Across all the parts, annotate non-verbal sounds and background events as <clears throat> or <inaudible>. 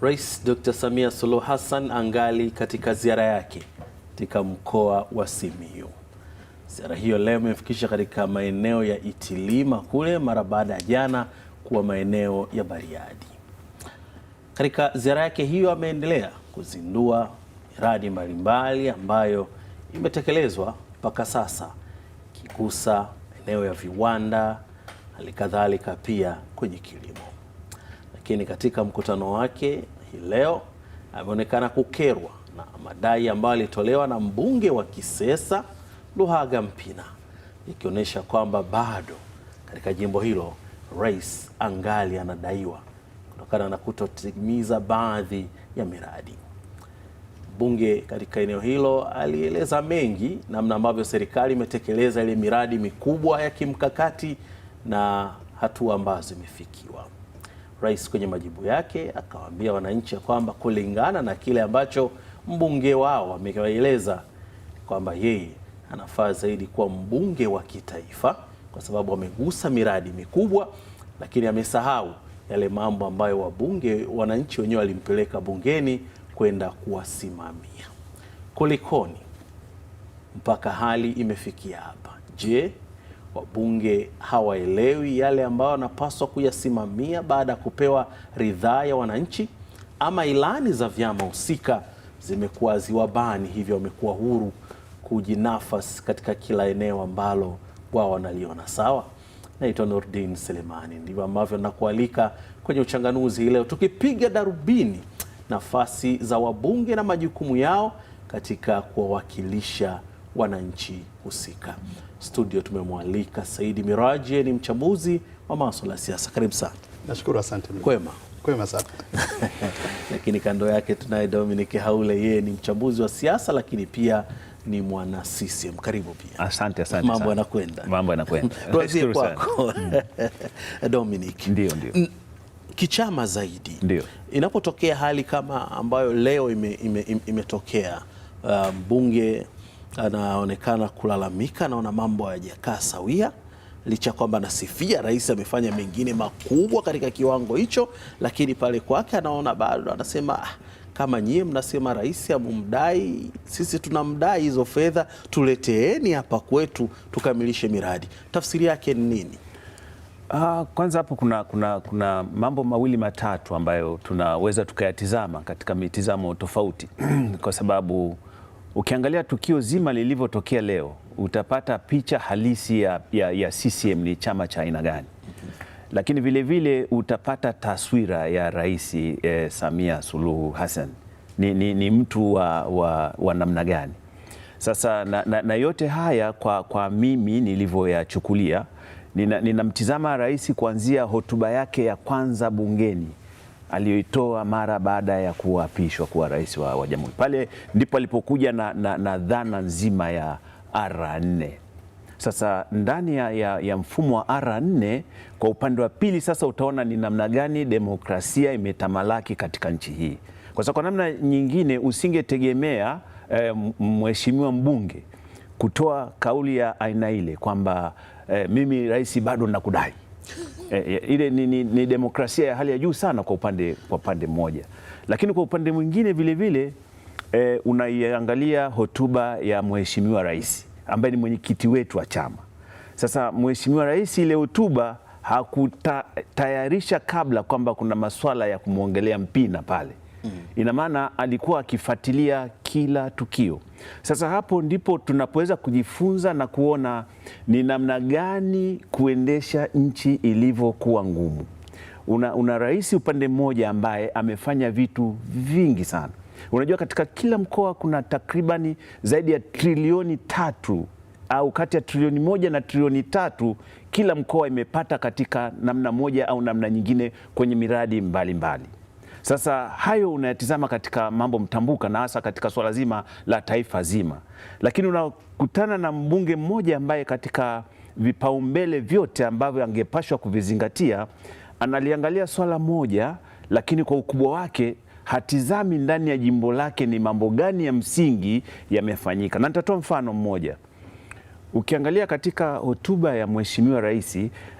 Rais Dr. Samia Suluhu Hassan angali katika ziara yake katika mkoa wa Simiyu. Ziara hiyo leo imefikisha katika maeneo ya Itilima kule mara baada ya jana kuwa maeneo ya Bariadi. Katika ziara yake hiyo ameendelea kuzindua miradi mbalimbali ambayo imetekelezwa mpaka sasa, ikigusa maeneo ya viwanda, halikadhalika pia kwenye kilimo. Lakini katika mkutano wake hii leo ameonekana kukerwa na madai ambayo alitolewa na mbunge wa Kisesa Luhaga Mpina, ikionyesha kwamba bado katika jimbo hilo rais angali anadaiwa kutokana na kutotimiza baadhi ya miradi. Mbunge katika eneo hilo alieleza mengi namna ambavyo serikali imetekeleza ile miradi mikubwa ya kimkakati na hatua ambazo imefikiwa. Rais kwenye majibu yake akawaambia wananchi ya kwamba kulingana na kile ambacho mbunge wao amewaeleza kwamba yeye anafaa zaidi kuwa mbunge wa kitaifa, kwa sababu amegusa miradi mikubwa, lakini amesahau yale mambo ambayo wabunge wananchi wenyewe walimpeleka bungeni kwenda kuwasimamia. Kulikoni mpaka hali imefikia hapa? Je, wabunge hawaelewi yale ambayo wanapaswa kuyasimamia baada ya kupewa ridhaa ya wananchi, ama ilani za vyama husika zimekuwa ziwabani, hivyo wamekuwa huru kujinafasi katika kila eneo ambalo wao wanaliona sawa. Naitwa Nurdin Selemani, ndivyo ambavyo nakualika kwenye Uchanganuzi hii leo, tukipiga darubini nafasi za wabunge na majukumu yao katika kuwawakilisha wananchi husika. Studio tumemwalika Saidi Miraji, ni mchambuzi wa maswala ya siasa. Karibu sana. Nashukuru, asante. Kwema. Kwema sana. <laughs> Lakini kando yake tunaye Dominic Haule, yeye ni mchambuzi wa siasa lakini pia ni mwana CCM. Karibu pia. Asante, asante. Mambo yanakwenda. Mambo yanakwenda. <laughs> Tuanzie kwako. <laughs> Dominic. Ndio, ndio. Kichama zaidi. Ndio. Inapotokea hali kama ambayo leo imetokea ime, ime, ime mbunge anaonekana kulalamika, anaona mambo hayajakaa sawia, licha kwamba anasifia rais amefanya mengine makubwa katika kiwango hicho, lakini pale kwake anaona bado, anasema ah, kama nyie mnasema rais amumdai, sisi tunamdai hizo fedha, tuleteeni hapa kwetu tukamilishe miradi. Tafsiri yake ni nini? Uh, kwanza hapo kuna, kuna, kuna mambo mawili matatu ambayo tunaweza tukayatizama katika mitizamo tofauti <clears throat> kwa sababu Ukiangalia tukio zima lilivyotokea leo, utapata picha halisi ya, ya, ya CCM ni chama cha aina gani, lakini vilevile vile utapata taswira ya Rais eh, Samia Suluhu Hassan ni, ni, ni mtu wa, wa, wa namna gani. Sasa na, na, na yote haya kwa, kwa mimi nilivyoyachukulia, ninamtizama nina rais kuanzia hotuba yake ya kwanza bungeni aliyoitoa mara baada ya kuapishwa kuwa rais wa, wa jamhuri. Pale ndipo alipokuja na, na, na dhana nzima ya R4. Sasa ndani ya, ya, ya mfumo wa R4 kwa upande wa pili sasa utaona ni namna gani demokrasia imetamalaki katika nchi hii, kwa sababu kwa namna nyingine usingetegemea e, mheshimiwa mbunge kutoa kauli ya aina ile kwamba e, mimi rais bado nakudai <laughs> Eh, eh, ile ni, ni, ni demokrasia ya hali ya juu sana kwa upande, kwa upande mmoja, lakini kwa upande mwingine vilevile e, eh, unaiangalia hotuba ya mheshimiwa rais ambaye ni mwenyekiti wetu wa chama. Sasa mheshimiwa rais ile hotuba hakutayarisha kabla kwamba kuna masuala ya kumwongelea Mpina pale, mm. ina maana alikuwa akifuatilia kila tukio. Sasa hapo ndipo tunapoweza kujifunza na kuona ni namna gani kuendesha nchi ilivyokuwa ngumu. Una, una rais upande mmoja ambaye amefanya vitu vingi sana. Unajua, katika kila mkoa kuna takribani zaidi ya trilioni tatu au kati ya trilioni moja na trilioni tatu kila mkoa imepata katika namna moja au namna nyingine kwenye miradi mbalimbali mbali. Sasa hayo unayatizama katika mambo mtambuka na hasa katika swala zima la taifa zima, lakini unakutana na mbunge mmoja ambaye katika vipaumbele vyote ambavyo angepashwa kuvizingatia analiangalia swala moja, lakini kwa ukubwa wake hatizami ndani ya jimbo lake ni mambo gani ya msingi yamefanyika. Na nitatoa mfano mmoja. Ukiangalia katika hotuba ya Mheshimiwa Rais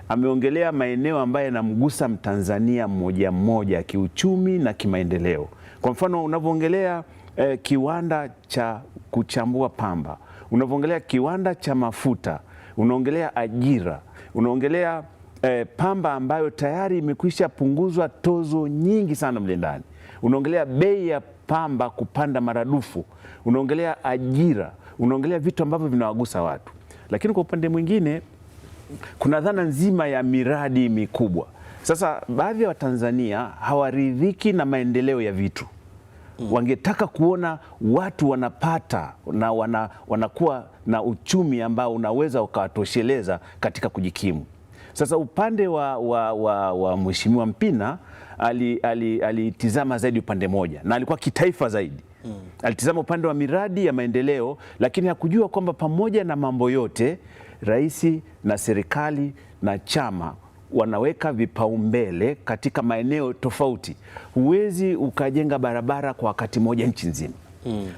ameongelea maeneo ambayo yanamgusa Mtanzania mmoja mmoja kiuchumi na kimaendeleo. Kwa mfano unavyoongelea eh, kiwanda cha kuchambua pamba, unavyoongelea kiwanda cha mafuta, unaongelea ajira, unaongelea eh, pamba ambayo tayari imekwisha punguzwa tozo nyingi sana mle ndani, unaongelea bei ya pamba kupanda maradufu, unaongelea ajira, unaongelea vitu ambavyo vinawagusa watu, lakini kwa upande mwingine kuna dhana nzima ya miradi mikubwa. Sasa baadhi ya Watanzania hawaridhiki na maendeleo ya vitu mm. Wangetaka kuona watu wanapata na wana, wanakuwa na uchumi ambao unaweza ukawatosheleza katika kujikimu. Sasa upande wa, wa, wa, wa Mheshimiwa Mpina alitizama ali, ali zaidi upande moja na alikuwa kitaifa zaidi mm. Alitizama upande wa miradi ya maendeleo, lakini hakujua kwamba pamoja na mambo yote rais na serikali na chama wanaweka vipaumbele katika maeneo tofauti. Huwezi ukajenga barabara kwa wakati moja nchi nzima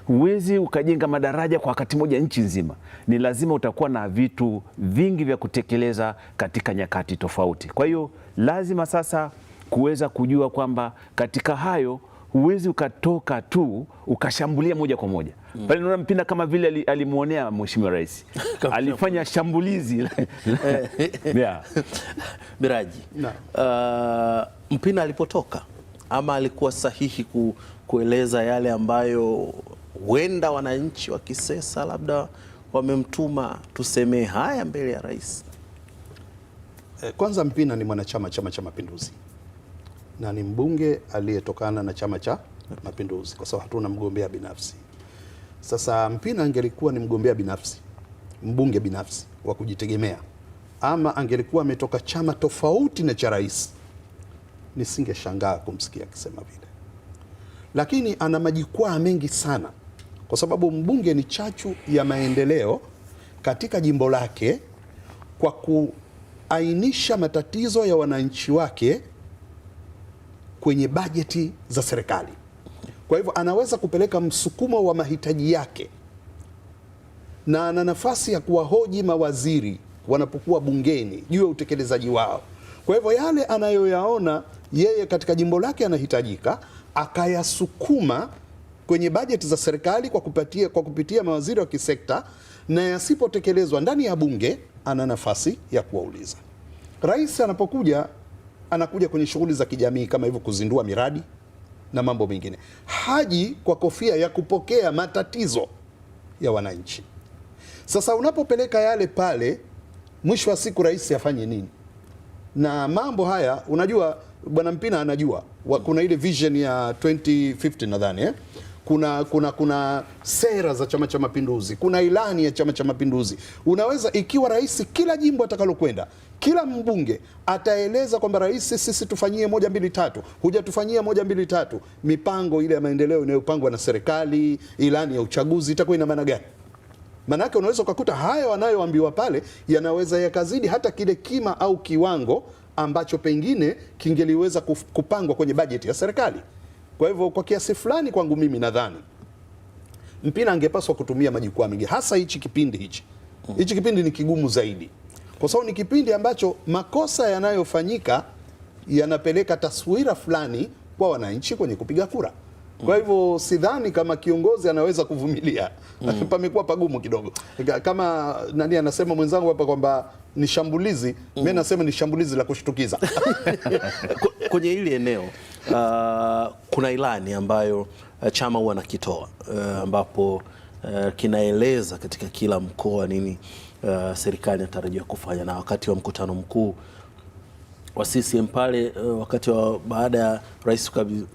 huwezi mm. ukajenga madaraja kwa wakati moja nchi nzima. Ni lazima utakuwa na vitu vingi vya kutekeleza katika nyakati tofauti. Kwa hiyo lazima sasa kuweza kujua kwamba katika hayo huwezi ukatoka tu ukashambulia moja kwa moja. Mm. Pale naona Mpina kama vile alimwonea mheshimiwa rais, <laughs> alifanya shambulizi <laughs> <laughs> yeah. Biraji no. Uh, Mpina alipotoka ama alikuwa sahihi ku, kueleza yale ambayo huenda wananchi wa Kisesa labda wamemtuma tusemee haya mbele ya rais. Eh, kwanza Mpina ni mwanachama Chama cha Mapinduzi na ni mbunge aliyetokana na Chama cha Mapinduzi, kwa sababu hatuna mgombea binafsi. Sasa Mpina angelikuwa ni mgombea binafsi, mbunge binafsi wa kujitegemea, ama angelikuwa ametoka chama tofauti na cha rais, nisingeshangaa kumsikia akisema vile, lakini ana majukwaa mengi sana, kwa sababu mbunge ni chachu ya maendeleo katika jimbo lake kwa kuainisha matatizo ya wananchi wake kwenye bajeti za serikali. Kwa hivyo anaweza kupeleka msukumo wa mahitaji yake, na ana nafasi ya kuwahoji mawaziri wanapokuwa bungeni juu ya utekelezaji wao. Kwa hivyo yale anayoyaona yeye katika jimbo lake anahitajika akayasukuma kwenye bajeti za serikali kwa kupatia, kwa kupitia mawaziri wa kisekta, na yasipotekelezwa ndani ya bunge ana nafasi ya kuwauliza. Rais anapokuja anakuja kwenye shughuli za kijamii kama hivyo, kuzindua miradi na mambo mengine. Haji kwa kofia ya kupokea matatizo ya wananchi. Sasa unapopeleka yale pale, mwisho wa siku rais afanye nini? Na mambo haya unajua, bwana Mpina anajua kuna ile vision ya 2050 nadhani eh? kuna, kuna, kuna sera za Chama cha Mapinduzi, kuna ilani ya Chama cha Mapinduzi. Unaweza ikiwa rais kila jimbo atakalokwenda kila mbunge ataeleza kwamba rais, sisi tufanyie moja mbili tatu, hujatufanyia moja mbili tatu. Mipango ile ya maendeleo inayopangwa na serikali, ilani ya uchaguzi itakuwa ina maana gani? Maanake unaweza ukakuta hayo anayoambiwa pale yanaweza yakazidi hata kile kima au kiwango ambacho pengine kingeliweza kupangwa kwenye bajeti ya serikali. Kwa hivyo kwa kiasi fulani kwangu mimi nadhani mpira angepaswa kutumia majukwaa mengi, hasa hichi kipindi hichi hichi kipindi ni kigumu zaidi, kwa sababu ni kipindi ambacho makosa yanayofanyika yanapeleka taswira fulani kwa wananchi kwenye kupiga kura. Kwa hivyo sidhani kama kiongozi anaweza kuvumilia mm. <laughs> Pamekuwa pagumu kidogo, kama nani anasema mwenzangu hapa kwamba ni shambulizi mm. Mimi nasema ni shambulizi la kushtukiza <laughs> kwenye hili eneo uh, kuna ilani ambayo uh, chama huwa nakitoa uh, ambapo uh, kinaeleza katika kila mkoa nini uh, serikali inatarajiwa kufanya, na wakati wa mkutano mkuu wa CCM pale eh, wakati wa baada ya rais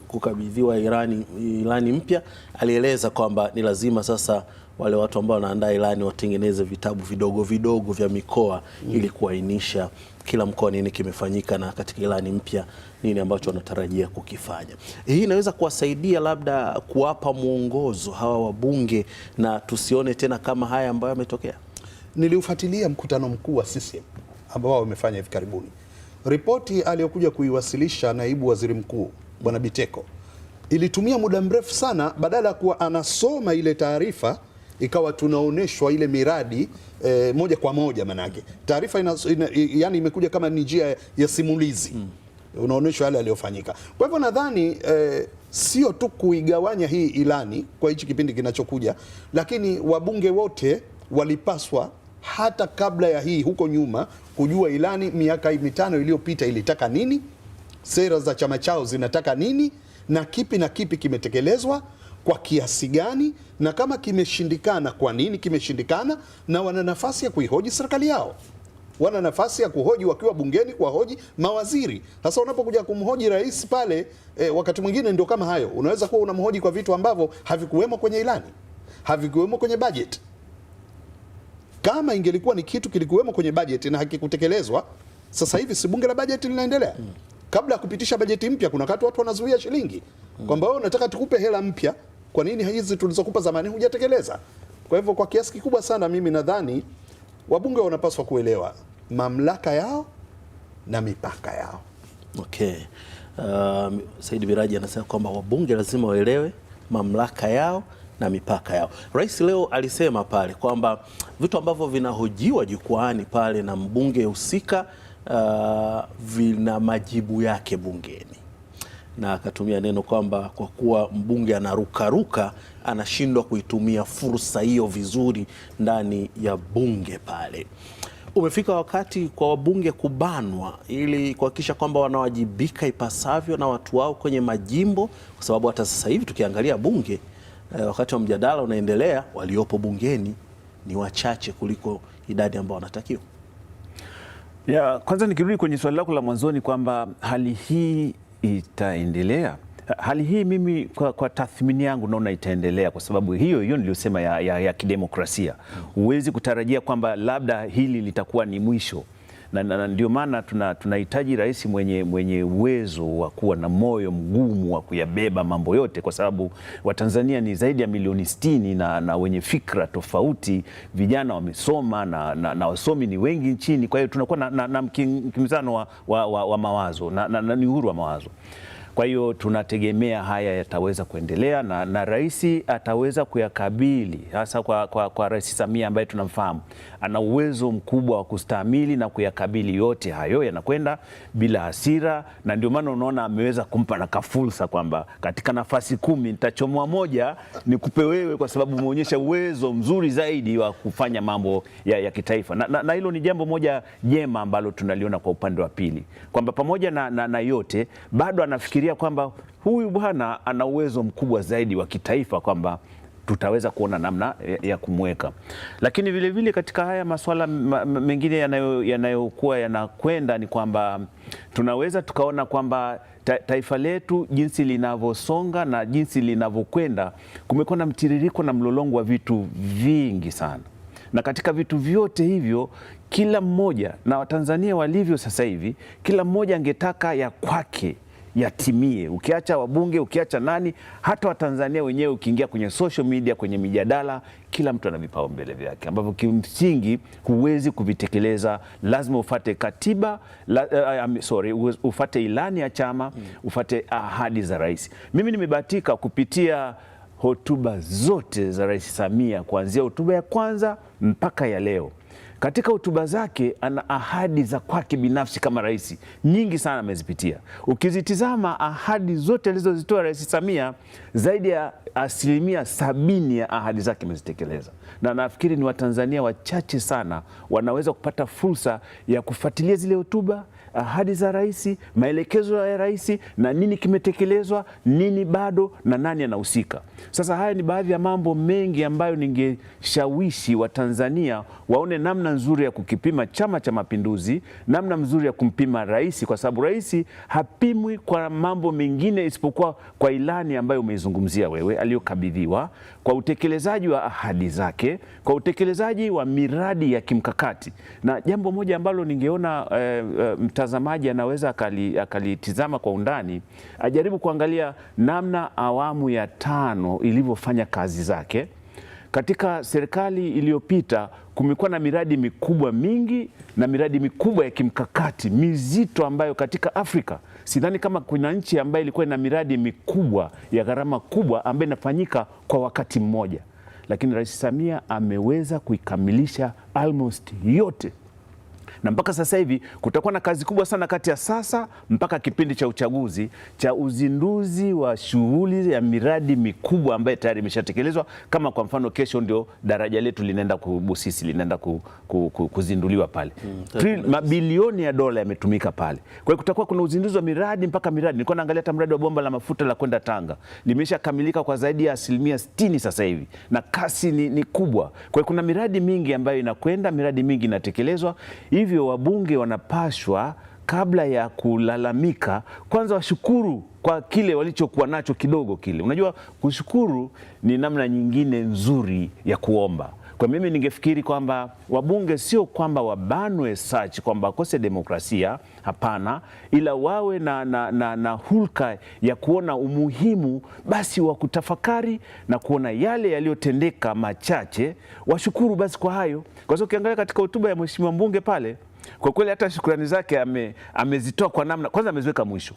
kukabidhiwa ilani, ilani mpya alieleza kwamba ni lazima sasa wale watu ambao wanaandaa ilani watengeneze vitabu vidogo vidogo vya mikoa mm. ili kuainisha kila mkoa nini kimefanyika na katika ilani mpya nini ambacho wanatarajia kukifanya. Hii inaweza kuwasaidia labda kuwapa mwongozo hawa wabunge na tusione tena kama haya ambayo yametokea. Niliufuatilia mkutano mkuu wa CCM ambao wamefanya hivi karibuni Ripoti aliyokuja kuiwasilisha naibu waziri mkuu bwana Biteko ilitumia muda mrefu sana, badala ya kuwa anasoma ile taarifa ikawa tunaonyeshwa ile miradi e, moja kwa moja. Manake taarifa ina, ina, yani imekuja kama ni njia ya simulizi mm. Unaonyeshwa yale yaliyofanyika. Kwa hivyo nadhani e, sio tu kuigawanya hii ilani kwa hichi kipindi kinachokuja, lakini wabunge wote walipaswa hata kabla ya hii huko nyuma kujua ilani miaka mitano iliyopita ilitaka nini, sera za chama chao zinataka nini, na kipi na kipi kimetekelezwa kwa kiasi gani, na kama kimeshindikana, kwa nini kimeshindikana, na wana nafasi ya kuihoji serikali yao wana nafasi ya kuhoji wakiwa bungeni, kuwahoji mawaziri. Sasa unapokuja kumhoji rais pale e, wakati mwingine ndio kama hayo, unaweza kuwa unamhoji kwa vitu ambavyo havikuwemo kwenye ilani, havikuwemo kwenye bajeti. Kama ingelikuwa ni kitu kilikuwemo kwenye bajeti na hakikutekelezwa, sasa hivi si bunge la bajeti linaendelea. Hmm. Kabla ya kupitisha bajeti mpya, kuna wakati watu wanazuia shilingi hmm. kwamba wewe unataka tukupe hela mpya, kwa nini hizi tulizokupa zamani hujatekeleza? Kwa hivyo kwa kiasi kikubwa sana mimi nadhani wabunge wanapaswa kuelewa mamlaka yao na mipaka yao. Okay. Uh, Said Biraji anasema kwamba wabunge lazima waelewe mamlaka yao na mipaka yao. Rais leo alisema pale kwamba vitu ambavyo vinahojiwa jukwaani pale na mbunge husika uh, vina majibu yake bungeni, na akatumia neno kwamba kwa kuwa mbunge anarukaruka anashindwa kuitumia fursa hiyo vizuri ndani ya bunge pale. Umefika wakati kwa wabunge kubanwa ili kuhakikisha kwamba wanawajibika ipasavyo na watu wao kwenye majimbo, kwa sababu hata sasa hivi tukiangalia bunge eh, wakati wa mjadala unaendelea, waliopo bungeni ni wachache kuliko idadi ambayo wanatakiwa. Ya, kwanza nikirudi kwenye swali lako la mwanzoni kwamba hali hii itaendelea. Hali hii mimi kwa, kwa tathmini yangu naona itaendelea kwa sababu hiyo hiyo niliyosema ya, ya, ya kidemokrasia. Hmm. Huwezi kutarajia kwamba labda hili litakuwa ni mwisho na, na, na ndio maana tunahitaji tuna rais mwenye mwenye uwezo wa kuwa na moyo mgumu wa kuyabeba mambo yote, kwa sababu Watanzania ni zaidi ya milioni sitini na, na wenye fikra tofauti, vijana wamesoma na, na, na wasomi ni wengi nchini. Kwa hiyo tunakuwa na, na, na mkimzano wa, wa, wa, wa mawazo na, na, na ni uhuru wa mawazo. Kwa hiyo tunategemea haya yataweza kuendelea na, na rais ataweza kuyakabili hasa kwa, kwa, kwa Rais Samia ambaye tunamfahamu ana uwezo mkubwa wa kustahimili na kuyakabili yote hayo, yanakwenda bila hasira, na ndio maana unaona ameweza kumpa na kafursa kwamba katika nafasi kumi nitachomoa moja nikupe wewe, kwa sababu umeonyesha uwezo mzuri zaidi wa kufanya mambo ya, ya kitaifa, na, na, na hilo ni jambo moja jema ambalo tunaliona kwa upande wa pili kwamba pamoja na, na, na yote bado anafikiri kufikiria kwamba huyu bwana ana uwezo mkubwa zaidi wa kitaifa kwamba tutaweza kuona namna eh, ya kumweka, lakini vilevile vile katika haya masuala mengine yanayokuwa yanakwenda ni kwamba tunaweza tukaona kwamba ta taifa letu jinsi linavyosonga na jinsi linavyokwenda, kumekuwa na mtiririko na mlolongo wa vitu vingi sana, na katika vitu vyote hivyo kila mmoja na Watanzania walivyo sasa hivi, kila mmoja angetaka ya kwake yatimie. Ukiacha wabunge, ukiacha nani, hata Watanzania wenyewe, ukiingia kwenye social media, kwenye mijadala, kila mtu ana vipaumbele vyake ambavyo kimsingi huwezi kuvitekeleza. Lazima ufate katiba la, uh, um, sorry, ufate ilani ya chama hmm, ufate ahadi za rais. Mimi nimebahatika kupitia hotuba zote za Rais Samia kuanzia hotuba ya kwanza mpaka ya leo. Katika hotuba zake ana ahadi za kwake binafsi kama rais nyingi sana amezipitia. Ukizitizama ahadi zote alizozitoa Rais Samia, zaidi ya asilimia sabini ya ahadi zake amezitekeleza, na nafikiri ni Watanzania wachache sana wanaweza kupata fursa ya kufuatilia zile hotuba ahadi za rais, maelekezo ya rais na nini kimetekelezwa, nini bado na nani anahusika. Sasa haya ni baadhi ya mambo mengi ambayo ningeshawishi Watanzania waone namna nzuri ya kukipima Chama cha Mapinduzi, namna nzuri ya kumpima rais, kwa sababu rais hapimwi kwa mambo mengine isipokuwa kwa ilani ambayo umeizungumzia wewe, aliyokabidhiwa, kwa utekelezaji wa ahadi zake, kwa utekelezaji wa miradi ya kimkakati. Na jambo moja ambalo ningeona eh, eh mtazamaji anaweza akalitizama akali kwa undani, ajaribu kuangalia namna awamu ya tano ilivyofanya kazi zake. Katika serikali iliyopita kumekuwa na miradi mikubwa mingi na miradi mikubwa ya kimkakati mizito ambayo katika Afrika sidhani kama kuna nchi ambayo ilikuwa ina miradi mikubwa ya gharama kubwa ambayo inafanyika kwa wakati mmoja, lakini Rais Samia ameweza kuikamilisha almost yote na mpaka sasa hivi kutakuwa na kazi kubwa sana kati ya sasa mpaka kipindi cha uchaguzi cha uzinduzi wa shughuli ya miradi mikubwa ambayo tayari imeshatekelezwa. Kama kwa mfano, kesho ndio daraja letu linaenda kubusisi linaenda ku, ku, ku, kuzinduliwa pale mm, mabilioni ya dola yametumika pale. Kwa hiyo kutakuwa kuna uzinduzi wa miradi mpaka miradi. Nilikuwa naangalia hata mradi wa bomba la mafuta la kwenda Tanga limeshakamilika kwa zaidi ya asilimia 60 sasa hivi na kasi ni, ni kubwa. Kwa hiyo kuna miradi mingi ambayo inakwenda, miradi mingi inatekelezwa hivi hivyo wabunge wanapashwa kabla ya kulalamika kwanza washukuru kwa kile walichokuwa nacho kidogo kile. Unajua, kushukuru ni namna nyingine nzuri ya kuomba. Kwa mimi ningefikiri kwamba wabunge sio kwamba wabanwe search kwamba wakose demokrasia, hapana, ila wawe na, na, na, na hulka ya kuona umuhimu basi wa kutafakari na kuona yale yaliyotendeka machache, washukuru basi kwa hayo, kwa sababu ukiangalia katika hotuba ya mheshimiwa mbunge pale, kwa kweli hata shukrani zake amezitoa ame kwa namna kwanza, ameziweka mwisho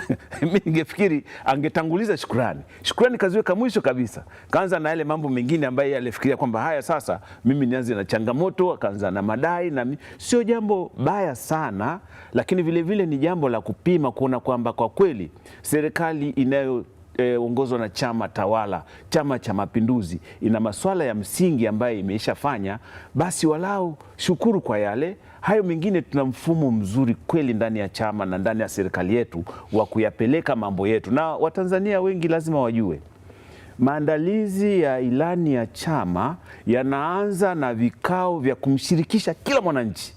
<laughs> mi ningefikiri angetanguliza shukrani, shukrani kaziweka mwisho kabisa, kaanza na yale mambo mengine ambayo alifikiria kwamba haya sasa mimi nianze na changamoto, akaanza na madai na mi... sio jambo baya sana, lakini vilevile vile ni jambo la kupima kuona kwamba kwa kweli serikali inayo eh, ongozwa na chama tawala, Chama cha Mapinduzi, ina masuala ya msingi ambayo imeshafanya, basi walau shukuru kwa yale Hayo mengine tuna mfumo mzuri kweli ndani ya chama na ndani ya serikali yetu wa kuyapeleka mambo yetu, na Watanzania wengi lazima wajue maandalizi ya ilani ya chama yanaanza na vikao vya kumshirikisha kila mwananchi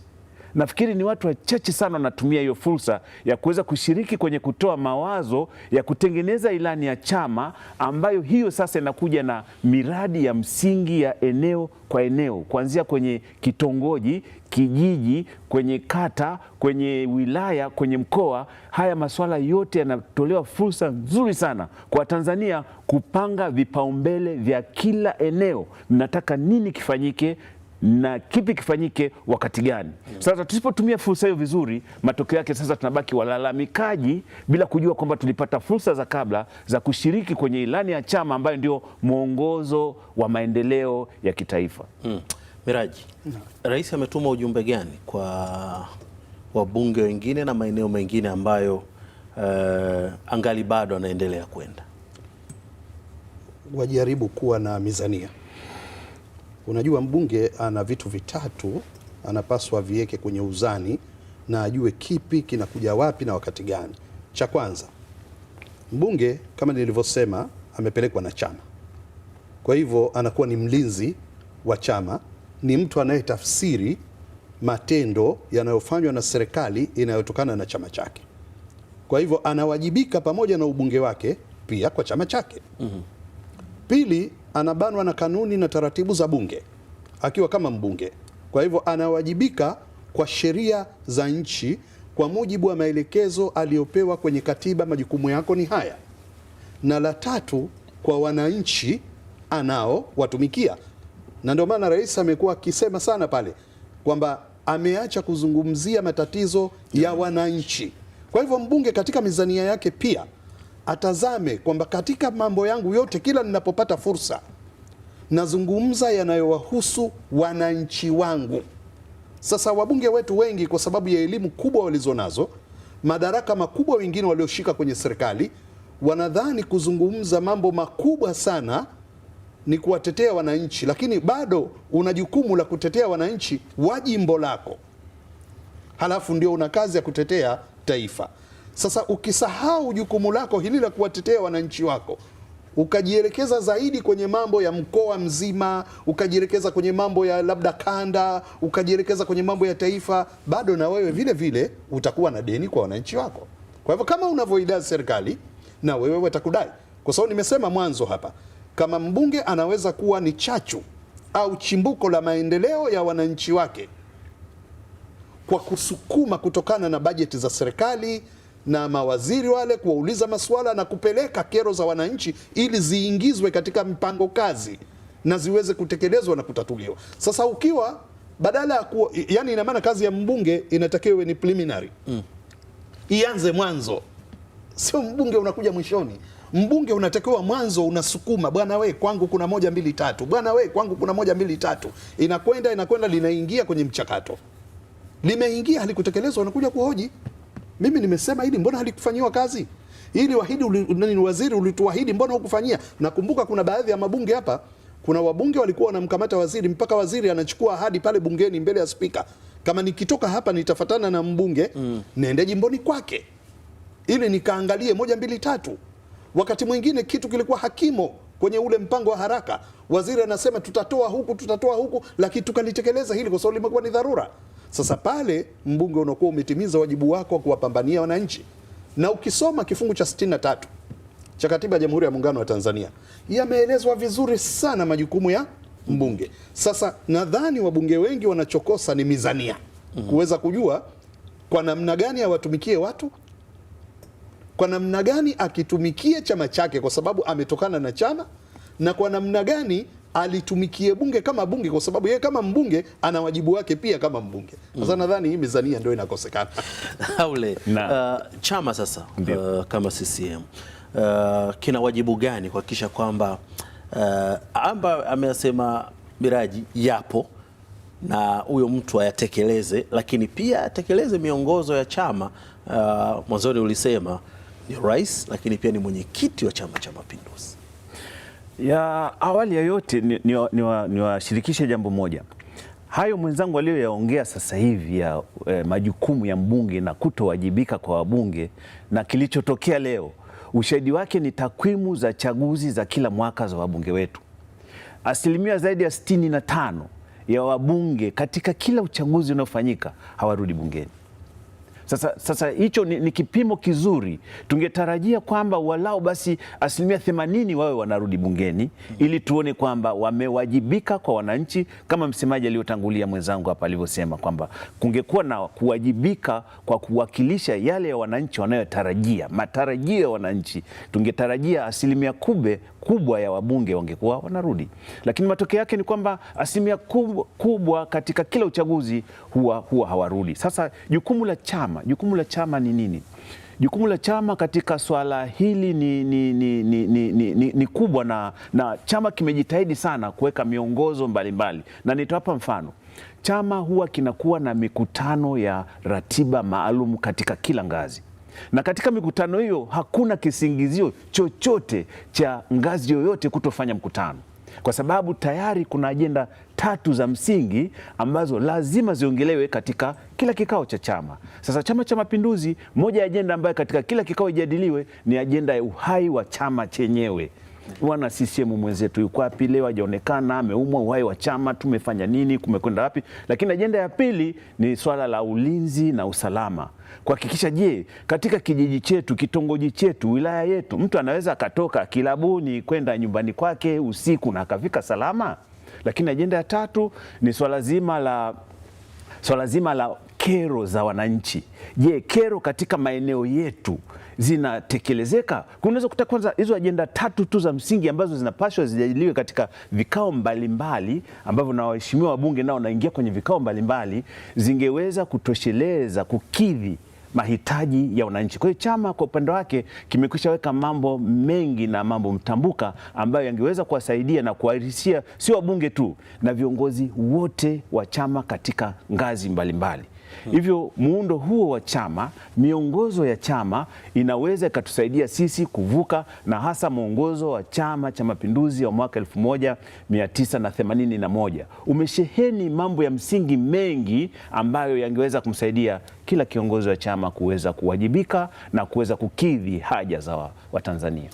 nafikiri ni watu wachache sana wanatumia hiyo fursa ya kuweza kushiriki kwenye kutoa mawazo ya kutengeneza ilani ya chama ambayo hiyo sasa inakuja na miradi ya msingi ya eneo kwa eneo, kuanzia kwenye kitongoji, kijiji, kwenye kata, kwenye wilaya, kwenye mkoa. Haya masuala yote yanatolewa fursa nzuri sana kwa tanzania kupanga vipaumbele vya kila eneo, mnataka nini kifanyike na kipi kifanyike wakati gani? Sasa tusipotumia fursa hiyo vizuri, matokeo yake sasa tunabaki walalamikaji bila kujua kwamba tulipata fursa za kabla za kushiriki kwenye ilani ya chama ambayo ndio mwongozo wa maendeleo ya kitaifa. Hmm. Miraji, hmm. Rais ametuma ujumbe gani kwa wabunge wengine na maeneo mengine ambayo uh, angali bado anaendelea kwenda? Wajaribu kuwa na mizania Unajua, mbunge ana vitu vitatu anapaswa viweke kwenye uzani na ajue kipi kinakuja wapi na wakati gani. Cha kwanza, mbunge kama nilivyosema, amepelekwa na chama, kwa hivyo anakuwa ni mlinzi wa chama, ni mtu anayetafsiri matendo yanayofanywa na serikali inayotokana na chama chake. Kwa hivyo anawajibika pamoja na ubunge wake pia kwa chama chake. mm -hmm. Pili, anabanwa na kanuni na taratibu za bunge akiwa kama mbunge. Kwa hivyo anawajibika kwa sheria za nchi kwa mujibu wa maelekezo aliyopewa kwenye katiba. Majukumu yako ni haya. Na la tatu, kwa wananchi anaowatumikia, na ndio maana rais amekuwa akisema sana pale kwamba ameacha kuzungumzia matatizo ya wananchi. Kwa hivyo mbunge katika mizania yake pia atazame kwamba katika mambo yangu yote, kila ninapopata fursa nazungumza yanayowahusu wananchi wangu. Sasa wabunge wetu wengi, kwa sababu ya elimu kubwa walizonazo, madaraka makubwa wengine walioshika kwenye serikali, wanadhani kuzungumza mambo makubwa sana ni kuwatetea wananchi, lakini bado una jukumu la kutetea wananchi wa jimbo lako, halafu ndio una kazi ya kutetea taifa. Sasa ukisahau jukumu lako hili la kuwatetea wananchi wako ukajielekeza zaidi kwenye mambo ya mkoa mzima, ukajielekeza kwenye mambo ya labda kanda, ukajielekeza kwenye mambo ya taifa, bado na wewe vile vile utakuwa na deni kwa wananchi wako. Kwa hivyo kama unavyoidai serikali, na wewe watakudai, kwa sababu nimesema mwanzo hapa, kama mbunge anaweza kuwa ni chachu au chimbuko la maendeleo ya wananchi wake kwa kusukuma kutokana na bajeti za serikali na mawaziri wale kuwauliza masuala na kupeleka kero za wananchi ili ziingizwe katika mpango kazi na ziweze kutekelezwa na kutatuliwa. Sasa ukiwa badala ya kuwa, yani ina maana kazi ya mbunge inatakiwa ni preliminary mm. ianze mwanzo, sio mbunge unakuja mwishoni. Mbunge unatakiwa mwanzo unasukuma, bwana we, kwangu kuna moja mbili tatu, bwana we, kwangu kuna moja mbili tatu, inakwenda inakwenda, linaingia kwenye mchakato, limeingia halikutekelezwa, unakuja kuhoji. Mimi nimesema hili, mbona halikufanyiwa kazi? Ili wahidi uli, waziri ulituahidi, mbona hukufanyia? Nakumbuka kuna baadhi ya mabunge hapa, kuna wabunge walikuwa wanamkamata waziri mpaka waziri anachukua ahadi pale bungeni mbele ya spika, kama nikitoka hapa nitafatana na mbunge mm, niende jimboni kwake ili nikaangalie moja mbili tatu. Wakati mwingine kitu kilikuwa hakimo kwenye ule mpango wa haraka, waziri anasema tutatoa huku tutatoa huku, lakini tukalitekeleza hili kwa sababu limekuwa ni dharura. Sasa pale mbunge unakuwa umetimiza wajibu wako wa kuwapambania wananchi, na ukisoma kifungu cha 63 cha katiba ya Jamhuri ya Muungano wa Tanzania yameelezwa vizuri sana majukumu ya mbunge. Sasa nadhani wabunge wengi wanachokosa ni mizania, mm-hmm. kuweza kujua kwa namna gani awatumikie watu, kwa namna gani akitumikie chama chake, kwa sababu ametokana na chama, na kwa namna gani alitumikie bunge kama bunge, kwa sababu yeye kama mbunge ana wajibu wake pia kama mbunge. Sasa mm. nadhani hii mizania ndio inakosekana. Haule, <laughs> uh, chama sasa uh, kama CCM uh, kina wajibu gani kuhakikisha kwamba uh, amba ameasema miraji yapo na huyo mtu ayatekeleze, lakini pia atekeleze miongozo ya chama uh, mwanzoni ulisema ni rais, lakini pia ni mwenyekiti wa Chama cha Mapinduzi. Ya awali ya yote niwashirikishe ni, ni, ni jambo moja hayo mwenzangu aliyoyaongea sasa hivi ya eh, majukumu ya mbunge na kutowajibika kwa wabunge na kilichotokea leo, ushahidi wake ni takwimu za chaguzi za kila mwaka za wabunge wetu. Asilimia zaidi ya 65 ya wabunge katika kila uchaguzi unaofanyika hawarudi bungeni. Sasa sasa hicho ni, ni kipimo kizuri. Tungetarajia kwamba walau basi asilimia themanini wawe wanarudi bungeni ili tuone kwamba wamewajibika kwa wananchi, kama msemaji aliyotangulia mwenzangu hapa alivyosema kwamba kungekuwa na kuwajibika kwa kuwakilisha yale ya wananchi wanayotarajia, matarajio ya wananchi, tungetarajia asilimia kubwa kubwa ya wabunge wangekuwa wanarudi, lakini matokeo yake ni kwamba asilimia kubwa, kubwa katika kila uchaguzi huwa, huwa hawarudi. Sasa jukumu la chama, jukumu la chama ni nini? Jukumu la chama katika swala hili ni, ni, ni, ni, ni, ni, ni, ni kubwa na, na chama kimejitahidi sana kuweka miongozo mbalimbali mbali. Na nitawapa mfano chama huwa kinakuwa na mikutano ya ratiba maalum katika kila ngazi na katika mikutano hiyo hakuna kisingizio chochote cha ngazi yoyote kutofanya mkutano, kwa sababu tayari kuna ajenda tatu za msingi ambazo lazima ziongelewe katika kila kikao cha chama. Sasa Chama cha Mapinduzi, moja ya ajenda ambayo katika kila kikao ijadiliwe ni ajenda ya uhai wa chama chenyewe. Wana CCM mwenzetu yuko wapi leo? Hajaonekana, ameumwa. Uhai wa chama, tumefanya nini? Kumekwenda wapi? Lakini ajenda ya pili ni swala la ulinzi na usalama kuhakikisha, je, katika kijiji chetu, kitongoji chetu, wilaya yetu, mtu anaweza akatoka kilabuni kwenda nyumbani kwake usiku na akafika salama. Lakini ajenda ya tatu ni swala zima la swala zima la kero za wananchi. Je, kero katika maeneo yetu zinatekelezeka? Unaweza kuta kwanza hizo ajenda tatu tu za msingi ambazo zinapaswa zijadiliwe katika vikao mbalimbali ambavyo na waheshimiwa wabunge nao wanaingia kwenye vikao mbalimbali zingeweza kutosheleza kukidhi mahitaji ya wananchi. Kwa hiyo chama kwa upande wake kimekwisha weka mambo mengi na mambo mtambuka ambayo yangeweza kuwasaidia na kuwaritishia sio wabunge tu na viongozi wote wa chama katika ngazi mbalimbali mbali. Hivyo muundo huo wa chama, miongozo ya chama inaweza ikatusaidia sisi kuvuka, na hasa mwongozo wa Chama cha Mapinduzi wa mwaka 1981 umesheheni mambo ya msingi mengi ambayo yangeweza kumsaidia kila kiongozi wa chama kuweza kuwajibika na kuweza kukidhi haja za Watanzania.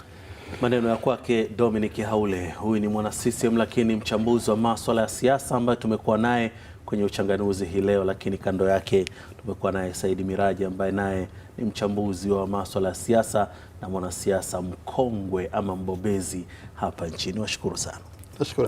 Maneno ya kwake Dominic Haule. Huyu ni mwana CCM lakini mchambuzi wa maswala ya siasa ambayo tumekuwa naye kwenye uchanganuzi hii leo, lakini kando yake tumekuwa naye Saidi Miraji ambaye naye ni mchambuzi wa maswala ya siasa na mwanasiasa mkongwe ama mbobezi hapa nchini. Washukuru sana.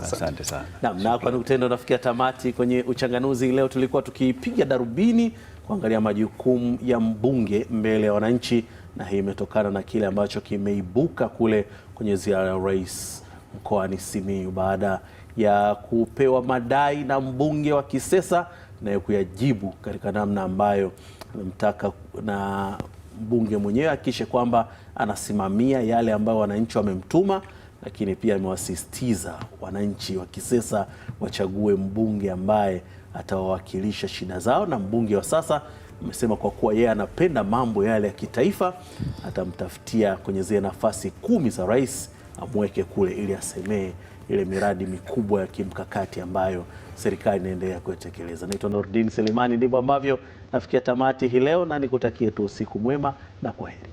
Asante sana. Naam, na kwa nafikia tamati kwenye uchanganuzi leo. Tulikuwa tukipiga darubini kuangalia majukumu ya mbunge mbele ya wananchi, na hii imetokana na kile ambacho kimeibuka kule kwenye ziara ya rais mkoani Simiyu baada ya kupewa madai na mbunge wa Kisesa nayo kuyajibu katika namna ambayo amemtaka na mbunge mwenyewe akikishe kwamba anasimamia yale ambayo wananchi wamemtuma, lakini pia amewasisitiza wananchi wa Kisesa wachague mbunge ambaye atawawakilisha shida zao, na mbunge wa sasa amesema kwa kuwa yeye anapenda mambo yale ya kitaifa atamtafutia kwenye zile nafasi kumi za rais amweke kule ili asemee ile miradi mikubwa ya kimkakati ambayo serikali inaendelea kuitekeleza. Naitwa Nordin Selemani, ndivyo ambavyo nafikia tamati hii leo, na nikutakie tu usiku mwema na kwaheri.